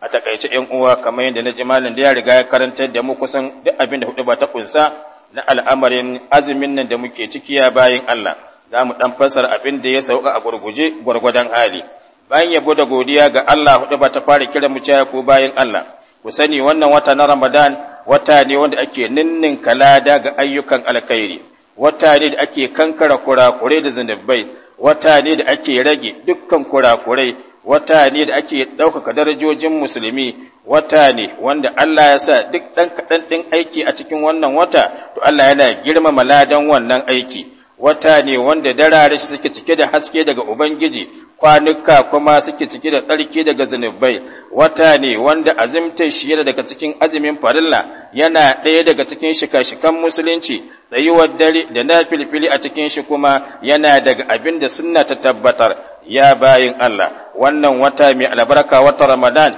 a takaice ‘yan uwa kamar yadda na jimalin da ya riga ya karanta da mu kusan duk abin da hudu ba ta kunsa na al'amarin azumin nan da muke ciki cikiya bayan Allah za mu ɗan fasar abin da ya sauka a gurguje gwargwadon hali bayan yabo da godiya ga Allah hudu ba ta fara kiran mu caya ko bayan Allah ku sani wannan wata na Ramadan wata ne wanda ake ninnin kalada ga ayyukan alkhairi wata ne da ake kankara kurakurai da zanubai wata ne da ake rage dukkan kurakurai wata ne da ake ɗaukaka darajojin musulmi wata ne wanda Allah ya sa duk ɗan kaɗan ɗin aiki a cikin wannan wata to Allah yana girmama ladan wannan aiki wata ne wanda darare shi suke cike da haske daga Ubangiji kwanuka kuma suke cike da tsarki daga zunubai wata ne wanda azimta shi yana daga cikin azumin farilla yana ɗaya daga cikin shika-shikan musulunci tsayuwar dare da na filfili a cikin shi kuma yana daga abin da suna ta tabbatar ya bayin Allah wannan wata mai albarka wata Ramadan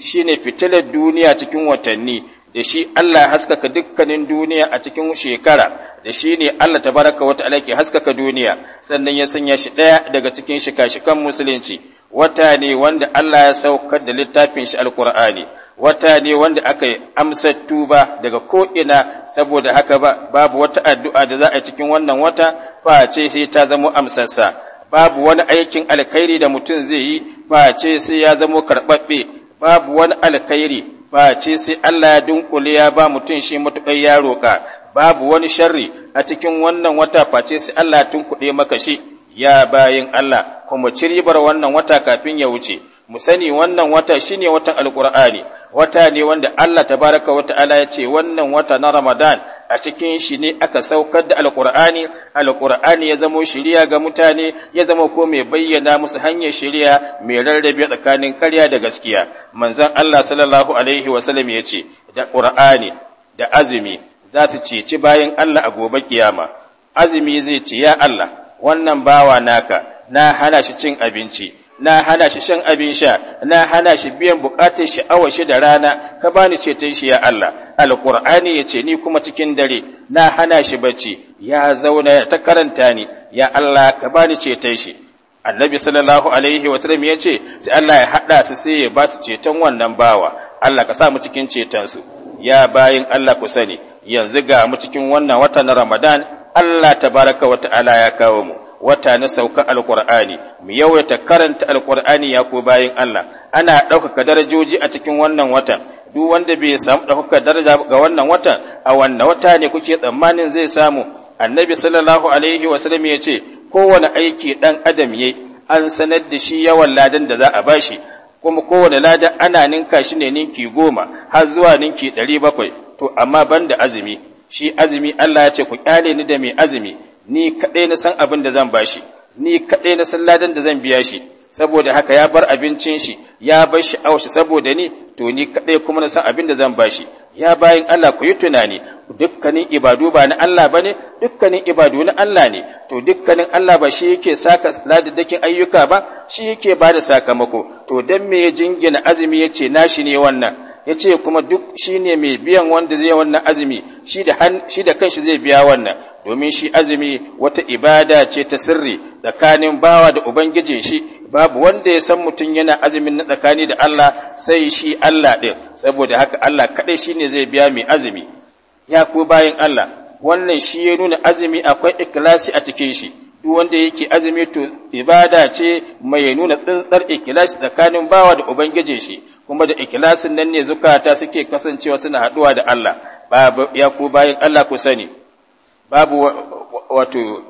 shine fitilar duniya cikin watanni da shi Allah ya haskaka dukkanin duniya a cikin shekara da shi ne Allah ta baraka wata ke haskaka duniya sannan ya sanya shi ɗaya daga cikin shika-shikan musulunci wata ne wanda Allah ya saukar da littafin shi alkur'ani wata ne wanda aka yi amsa tuba daga ko'ina saboda haka ba babu wata addu'a da za a cikin wannan wata ce sai ta zama amsarsa babu wani aikin alkhairi da mutum zai yi ce sai ya zama karɓaɓɓe babu wani alkhairi face sai Allah ya dunkule ya ba mutum shi matuƙar ya roƙa babu wani sharri a cikin wannan wata face sai Allah ya tunkuɗe maka shi ya bayin Allah kuma ciribar wannan wata kafin ya wuce mu sani wannan wata shine watan alqur'ani wata ne wanda Allah tabaraka wa ta'ala ya ce wannan wata na ramadan a cikin shi ne aka saukar da alqur'ani alqur'ani ya zama shiriya ga mutane ya zama ko mai bayyana musu hanyar shiriya mai rarrabe tsakanin karya da gaskiya manzon Allah sallallahu alaihi wa sallam ya ce da qur'ani da azumi za su ceci bayan Allah a gobe kiyama azumi zai ce ya Allah wannan bawa naka na hana shi cin abinci na hana shi shan abin sha na hana shi biyan bukatar sha'awar shi da rana ka bani ceton shi ya Allah alqur'ani yace ni kuma cikin dare na hana shi bacci ya zauna ta karanta ni ya Allah ka bani ceton shi annabi sallallahu alaihi wasallam yace sai Allah ya hada su sai ya ba su ceton wannan bawa Allah ka sa mu cikin ceton su ya bayin Allah ku sani yanzu ga mu cikin wannan watan Ramadan Allah tabaraka wa ta'ala ya kawo mu wata na sauka alkur'ani mu yawaita karanta alkur'ani ya ko bayan Allah ana ɗaukaka darajoji a cikin wannan watan, duk wanda bai samu ɗaukaka daraja ga wannan watan? a wannan wata ne kuke tsammanin zai samu annabi sallallahu alaihi wasallam ya ce kowane aiki ɗan adam yayi an sanar da shi yawan ladan da za a bashi kuma kowane ladan ana ninka shi ne ninki goma har zuwa ninki ɗari bakwai to amma banda azumi shi azumi Allah ya ce ku kyale ni da mai azumi ni kaɗai na san abin da zan bashi ni kaɗai na san ladan da zan biya shi saboda haka ya bar abincin shi ya bar shi shi saboda ni to ni kaɗai kuma na san abin da zan ba shi ya bayan Allah ku yi tunani dukkanin ibadu ba na Allah ba ne dukkanin ibadu na Allah ne to dukkanin Allah ba shi yake saka ladadakin ayyuka ba shi yake ba da sakamako to dan me ya jingina azumi ya ce nashi ne wannan ya ce kuma duk shi ne mai biyan wanda zai wannan azumi shi da kanshi zai biya wannan domin shi azumi wata ibada ce ta sirri tsakanin bawa da ubangiji shi babu wanda ya san mutum yana azumin na tsakani da Allah sai shi Allah ɗin saboda haka Allah kaɗai shi ne zai biya mai azumi ya ku bayan Allah wannan shi ya nuna azumi akwai ikilasi a cikin shi duk wanda yake azumi to ibada ce mai nuna tsantsar ikilas tsakanin bawa da ubangije shi kuma da ikilasin nan ne zukata suke kasancewa suna haduwa da Allah babu ya ku bayan Allah ku sani babu wato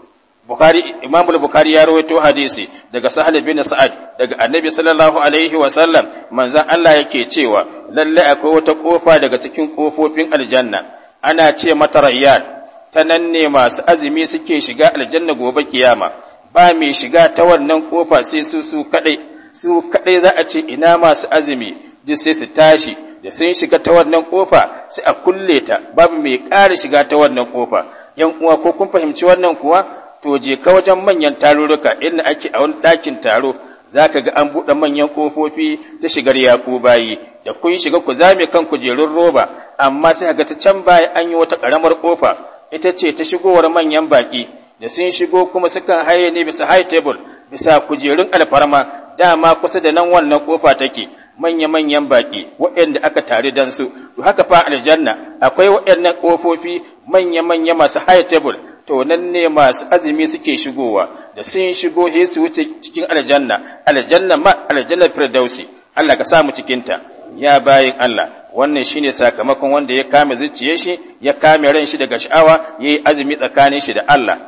Bukhari Imam al-Bukhari ya rawaito hadisi daga Sahal bin Sa'ad daga Annabi sallallahu alaihi wa sallam manzon Allah yake cewa lalle akwai wata kofa daga cikin kofofin aljanna ana ce mata Rayyan ta nan ne masu azumi suke shiga aljanna gobe kiyama ba mai shiga ta wannan kofa sai su su kadai su kadai za a ce ina masu azumi ji sai su tashi da sun shiga ta wannan kofa sai a kulle ta babu mai ƙara shiga ta wannan kofa yan uwa ko kun fahimci wannan kuwa to je ka wajen manyan tarurruka inda ake a wani ɗakin taro za ga an buɗe manyan kofofi ta shigar yaƙo bayi da kun shiga ku zame kan kujerun roba amma sai ga ta can baya an yi wata ƙaramar ƙofa ita ce ta shigowar manyan baƙi da sun shigo kuma sukan haye ne bisa high table bisa kujerun alfarma dama kusa da nan wannan kofa take manya-manyan baƙi waɗanda aka tare don su to haka fa aljanna akwai waɗannan ƙofofi manya-manya masu high table to nan ne masu azumi suke shigowa da sun shigo he su wuce cikin aljanna aljanna ma aljanna firdausi Allah ka samu cikinta ya bayin Allah wannan shi ne sakamakon wanda ya kame zuciyar shi ya kame ran shi daga sha'awa ya yi azumi tsakanin shi da Allah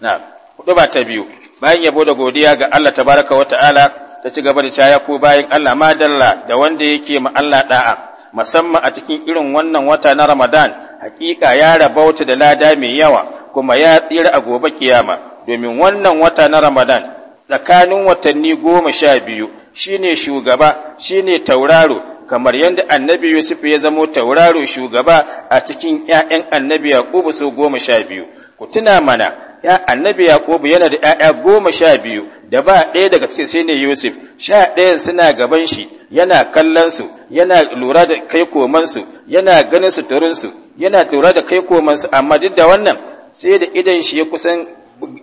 Na, hudu ba ta biyu bayan yabo da godiya ga Allah Ta baraka wa ta'ala ta ci gaba da caya ko bayan Allah ma madalla da wanda yake ma Allah da'a musamman a cikin irin wannan wata na Ramadan hakika ya rabauta da lada mai yawa kuma ya tsira a gobe kiyama domin wannan wata na Ramadan tsakanin watanni goma sha biyu shine shugaba shine tauraro kamar yadda annabi Yusuf ya zamo tauraro shugaba a cikin ‘ya'yan annabi Yaƙubu su goma sha biyu ku tuna mana ya annabi Yaƙubu yana da ‘ya'ya goma sha biyu da ba ɗaya daga cikin sai ne Yusuf sha ɗaya suna gaban shi yana kallonsu yana lura da kai komansu yana ganin suturinsu yana lura da kai komansu amma duk da wannan sai da idan shi ya kusan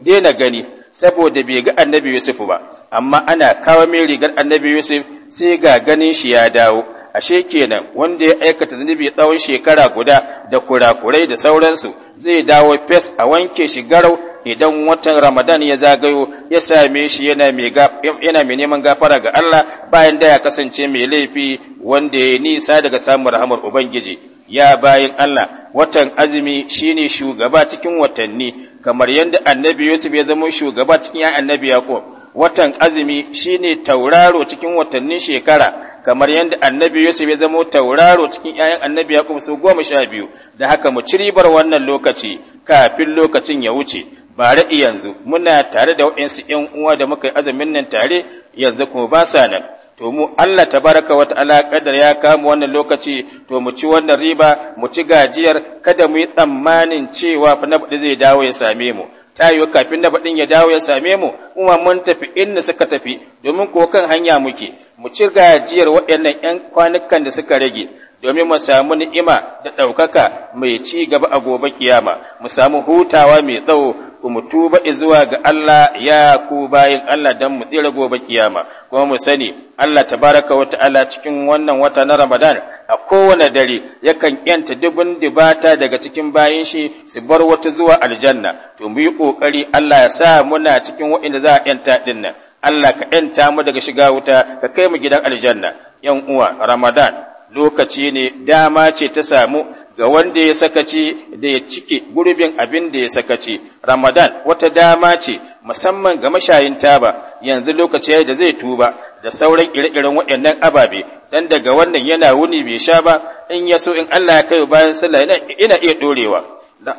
daina gani saboda bai ga annabi Yusuf ba amma ana kawo mai rigar annabi Yusuf sai ga ganin shi ya dawo ashe kenan wanda ya aikata zunubi tsawon shekara guda da kurakurai da sauransu zai dawo fes a wanke shi garau idan watan Ramadan ya zagayo ya same shi yana mai neman gafara ga Allah bayan da ya kasance mai laifi wanda ya nisa daga samun rahamar Ubangiji ya bayin Allah watan azumi shine shugaba cikin watanni kamar yadda annabi Yusuf ya zama shugaba cikin ya annabi Yaqub watan azumi shine tauraro cikin watannin shekara kamar yadda annabi Yusuf ya zama tauraro cikin ƴaƴan annabi Yaqub su goma sha biyu da haka mu ciribar wannan lokaci kafin lokacin ya wuce ba ra'i yanzu muna tare da waɗansu yan uwa da muka yi azumin nan tare yanzu kuma ba sa nan to mu Allah tabaraka wa ta'ala kadar ya kama wannan lokaci to mu ci wannan riba mu ci gajiyar kada mu yi tsammanin cewa fa na zai dawo ya same mu ta yi kafin na baɗin ya dawo ya same mu kuma mun tafi inda suka tafi domin ko kan hanya muke mu ci gajiyar waɗannan ƴan kwanukan da suka rage domin mu samu ni'ima da ɗaukaka mai ci gaba a gobe kiyama mu samu hutawa mai tsawo mu tuba zuwa ga Allah ya ku bayin Allah dan mu tsira gobe kiyama kuma mu sani Allah baraka wa ta'ala cikin wannan wata na Ramadan a kowane dare yakan yanta dubun dibata daga cikin bayan shi su bar wata zuwa aljanna to mu yi kokari Allah ya sa muna cikin waɗanda za a yanta dinnan Allah ka ‘yanta mu daga shiga wuta, ka kai mu gidan aljanna, ‘yan uwa, Ramadan, lokaci ne dama ce ta samu ga wanda ya sakaci da ya cike gurbin abin da ya sakaci ramadan wata dama ce musamman ga mashayin taba yanzu lokaci ya da zai tuba da sauran ire-iren waɗannan ababe dan daga wannan yana wuni bai sha ba in ya so in Allah ya kai bayan sallah ina iya dorewa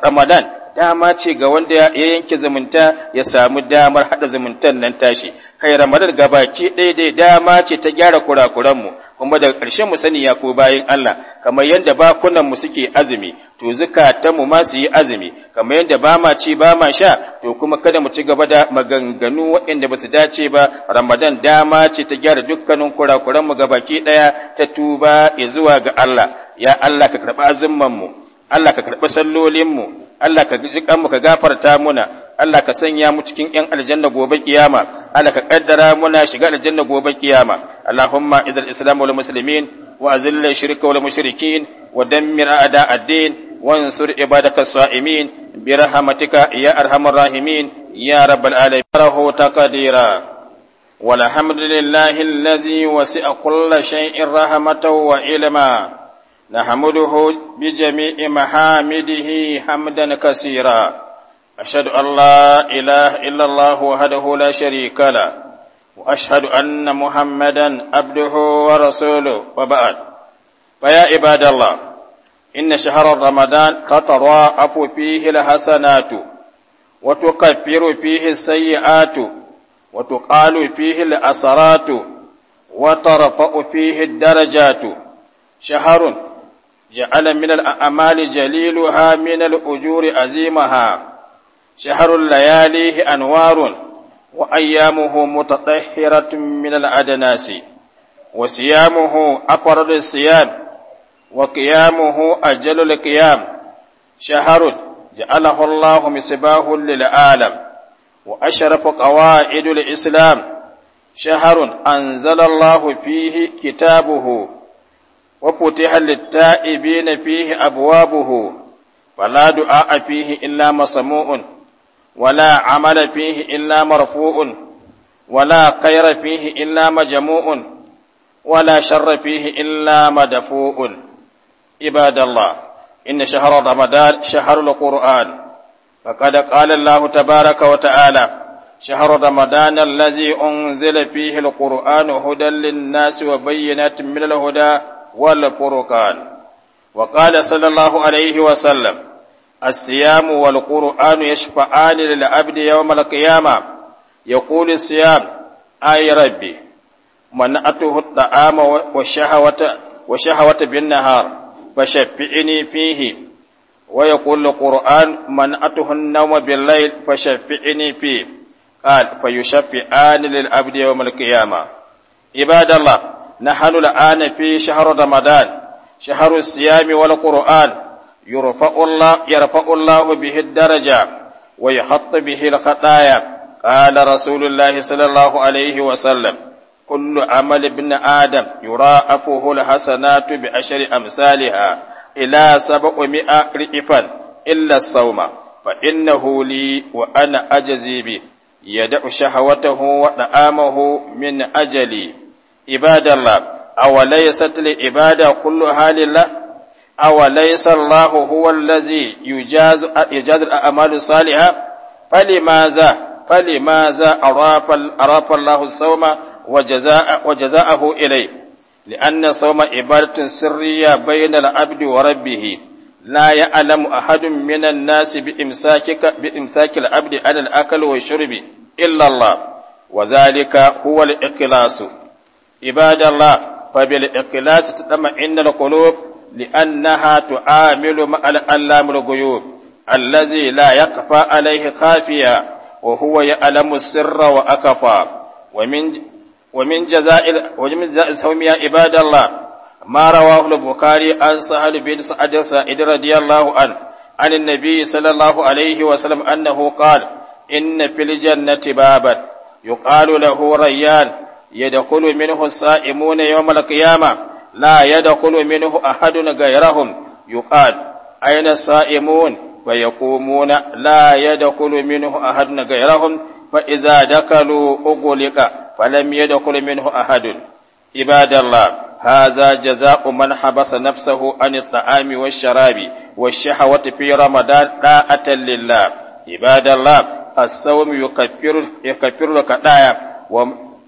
ramadan dama ce ga wanda ya yanke zumunta ya samu damar haɗa zumuntan nan tashi kai ramadan gabaki ɗaya dai dama ce ta gyara kurakuranmu kuma daga ƙarshen mu sani ya ko bayan Allah kamar yadda bakunan mu suke azumi to zukatanmu ma su yi azumi kamar yadda ba ma ci ba ma sha to kuma kada mu ci gaba da maganganu waɗanda ba su dace ba ramadan dama ce ta gyara dukkanin kurakuranmu gabaki ɗaya ta tuba zuwa ga Allah ya Allah ka karɓi azumman mu Allah ka karɓi sallolinmu Allah ka ji kanmu ka gafarta muna Allah ka sanya mu cikin yan aljanna gobe kiyama Allah ka kaddara muna shiga aljanna gobe kiyama Allahumma idil islam wal muslimin wa azil shirka wal mushrikin wa dammir a'da ad-din wansur ibadaka sa'imin bi rahmatika ya arhamar rahimin ya rabbal alamin taqdira walhamdulillahi لله الذي وسع كل rahmatan wa وعلما نحمده بجميع محامده حمدا كثيرا أشهد أن لا إله إلا الله وحده لا شريك له وأشهد أن محمدا عبده ورسوله وبعد فيا عباد الله إن شهر رمضان تتضاعف فيه الحسنات وتكفر فيه السيئات وتقال فيه الأسرات وترفع فيه الدرجات شهر جعل من الأعمال جليلها من الأجور أزيمها شهر الليالي أنوار وأيامه متطهرة من الأدناس وصيامه أفرد الصيام وقيامه أجل القيام شهر جعله الله مصباه للعالم وأشرف قواعد الإسلام شهر أنزل الله فيه كتابه وفتح للتائبين فيه أبوابه فلا دعاء فيه إلا مسموع ولا عمل فيه إلا مرفوع ولا خير فيه إلا مجموع ولا شر فيه إلا مدفوع عباد الله إن شهر رمضان شهر القرآن فقد قال الله تبارك وتعالى شهر رمضان الذي أنزل فيه القرآن هدى للناس وبينات من الهدى والقرآن وقال صلى الله عليه وسلم الصيام والقرآن يشفعان للعبد يوم القيامة يقول الصيام أي ربي منعته الطعام والشهوة وشهوة بالنهار فشفعني فيه ويقول القرآن منعته النوم بالليل فشفعني فيه قال فيشفعان للعبد يوم القيامة عباد الله نحن الآن في شهر رمضان شهر الصيام والقرآن يرفع الله يرفع الله به الدرجة ويحط به الخطايا قال رسول الله صلى الله عليه وسلم كل عمل ابن آدم يراقبه الحسنات بعشر أمثالها إلى سبعمائة رئفا إلا الصوم فإنه لي وأنا أجزي به يدع شهوته وطعامه من أجلي عباد الله أوليست العبادة كلها لله أوليس الله هو الذي يجاز يجاز الأعمال الصالحة فلماذا فلماذا أراف أراف الله الصوم وجزاء وجزاءه إليه لأن الصوم عبادة سرية بين العبد وربه لا يعلم أحد من الناس بإمساكك بإمساك العبد عن الأكل والشرب إلا الله وذلك هو الإخلاص عباد الله فبالإخلاص تطمئن القلوب لأنها تعامل مع الألام الغيوب الذي لا يخفى عليه خافيا وهو يعلم السر وأكفى ومن ومن جزاء ومن جزاء الصوم يا عباد الله ما رواه البخاري عن سهل بن سعد سعيد رضي الله عنه عن النبي صلى الله عليه وسلم أنه قال إن في الجنة بابا يقال له ريان yadkhulu minhu as-sa'imuna yawm al-qiyamah la yadkhulu minhu ahadun ghayrahum yuqal ayna as-sa'imun wa yaqumuna la yadkhulu minhu ahadun ghayrahum fa idza dakalu ughliqa falam هذا جزاء من حبس نفسه عن الطعام والشراب والشهوة في رمضان طاعة لله عباد الله الصوم يكفر يكفر الخطايا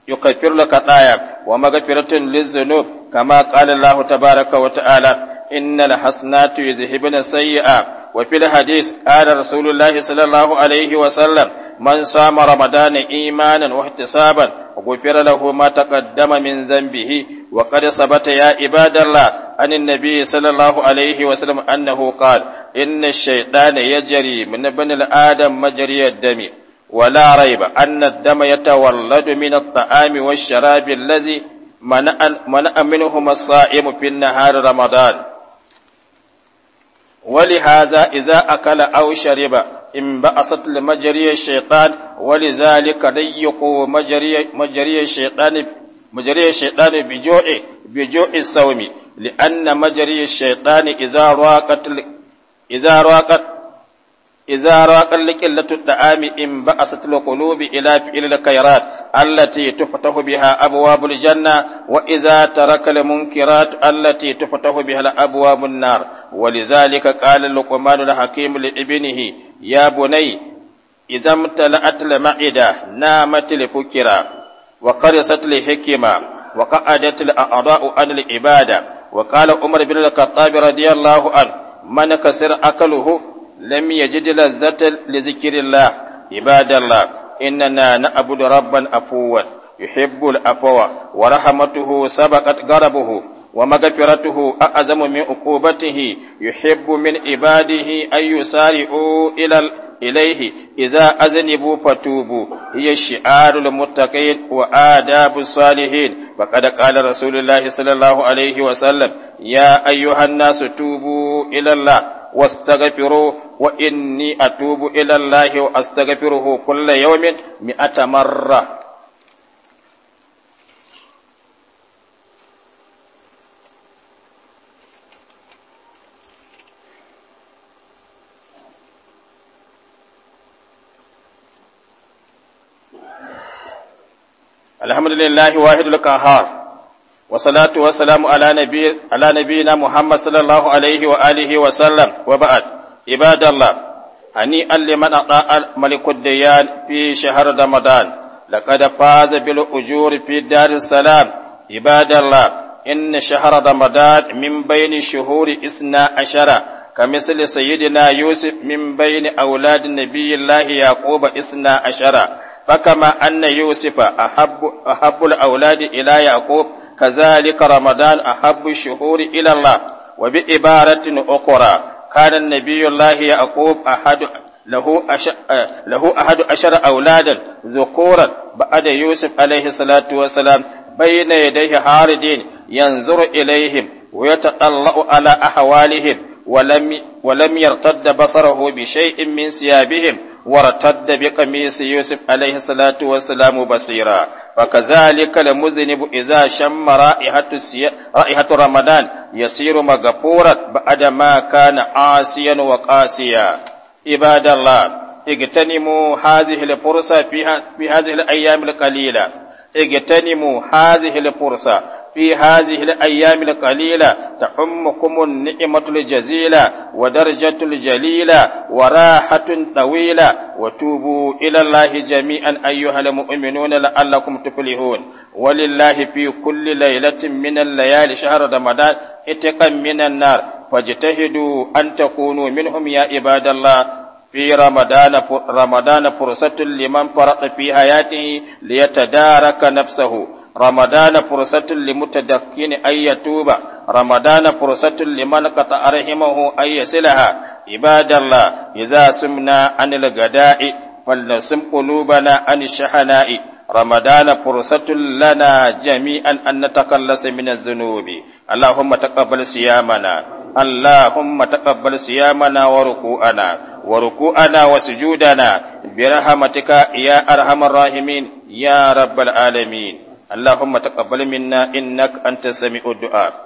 يغفر لك خطاياك ومغفرة للذنوب كما قال الله تبارك وتعالى إن الحسنات يذهبن السيئات وفي الحديث قال رسول الله صلى الله عليه وسلم من صام رمضان إيمانا واحتسابا غفر له ما تقدم من ذنبه وقد ثبت يا عباد الله عن النبي صلى الله عليه وسلم أنه قال إن الشيطان يجري من ابن الآدم مجري الدم ولا ريب أن الدم يتولد من الطعام والشراب الذي منع منهما الصائم في النهار رمضان ولهذا إذا أكل أو شرب انبعثت لمجري الشيطان ولذلك ضيق مجري مجري الشيطان مجري الشيطان بجوع بجوع الصوم لأن مجري الشيطان إذا راقت إذا راقت إذا راق لقلة الطعام انبعثت القلوب إلى فعل الخيرات التي تفتح بها أبواب الجنة وإذا ترك المنكرات التي تفتح بها أبواب النار ولذلك قال لقمان الحكيم لابنه يا بني إذا امتلأت المعدة نامت الفكرة وقرست الحكمة وقعدت الأعضاء عن العبادة وقال عمر بن الخطاب رضي الله عنه من كسر أكله لم يجد لذة لذكر الله عباد الله إننا نعبد ربا أفوا يحب الأفوا ورحمته سبقت غربه ومغفرته أعظم من عقوبته يحب من عباده أن يسارعوا إلى إليه إذا أذنبوا فتوبوا هي شعار المتقين وآداب الصالحين وقد قال رسول الله صلى الله عليه وسلم يا أيها الناس توبوا إلى الله واستغفروه وإني أتوب إلى الله وأستغفره كل يوم مئة مرة الحمد لله واحد القهار وصلاة والسلام على نبي على نبينا محمد صلى الله عليه وآله وسلم وبعد عباد الله هنيئا لمن أطاع ملك الديان في شهر رمضان لقد فاز بالأجور في دار السلام عباد الله إن شهر رمضان من بين شهور إثنى عشر كمثل سيدنا يوسف من بين أولاد نبي الله يعقوب إثنى عشر فكما أن يوسف أحب, أحب الأولاد إلى يعقوب كذلك رمضان أحب الشهور إلى الله وبعبارة أخرى كان النبي الله يعقوب أحد له أش... له أحد عشر أولادا ذكورا بعد يوسف عليه الصلاة والسلام بين يديه حاردين ينظر إليهم ويتطلع على أحوالهم ولم ولم يرتد بصره بشيء من ثيابهم وارتد بقميص يوسف عليه الصلاة والسلام بصيرا وكذلك المذنب إذا شم رائحة, السي... رائحة رمضان يصير مغفورا بعد ما كان عاسيا وقاسيا عباد الله اغتنموا هذه الفرصة في, ه... في هذه الأيام القليلة اغتنموا هذه الفرصة في هذه الأيام القليلة تعمكم النعمة الجزيلة ودرجة الجليلة وراحة طويلة وتوبوا إلى الله جميعا أيها المؤمنون لعلكم تفلحون ولله في كل ليلة من الليالي شهر رمضان اتقا من النار فاجتهدوا أن تكونوا منهم يا عباد الله في رمضان رمضان فرصة لمن فرط في حياته ليتدارك نفسه رمضان فرصة لمتدقين أن يتوب رمضان فرصة لمن قطع رحمه أن يسلها عباد الله إذا سمنا عن الغداء فلنسم قلوبنا عن الشحناء رمضان فرصة لنا جميعا أن نتخلص من الذنوب اللهم تقبل صيامنا اللهم تقبل صيامنا وركوعنا وركوعنا وسجودنا برحمتك يا أرحم الراحمين يا رب العالمين اللهم تقبل منا إنك أنت سميع الدعاء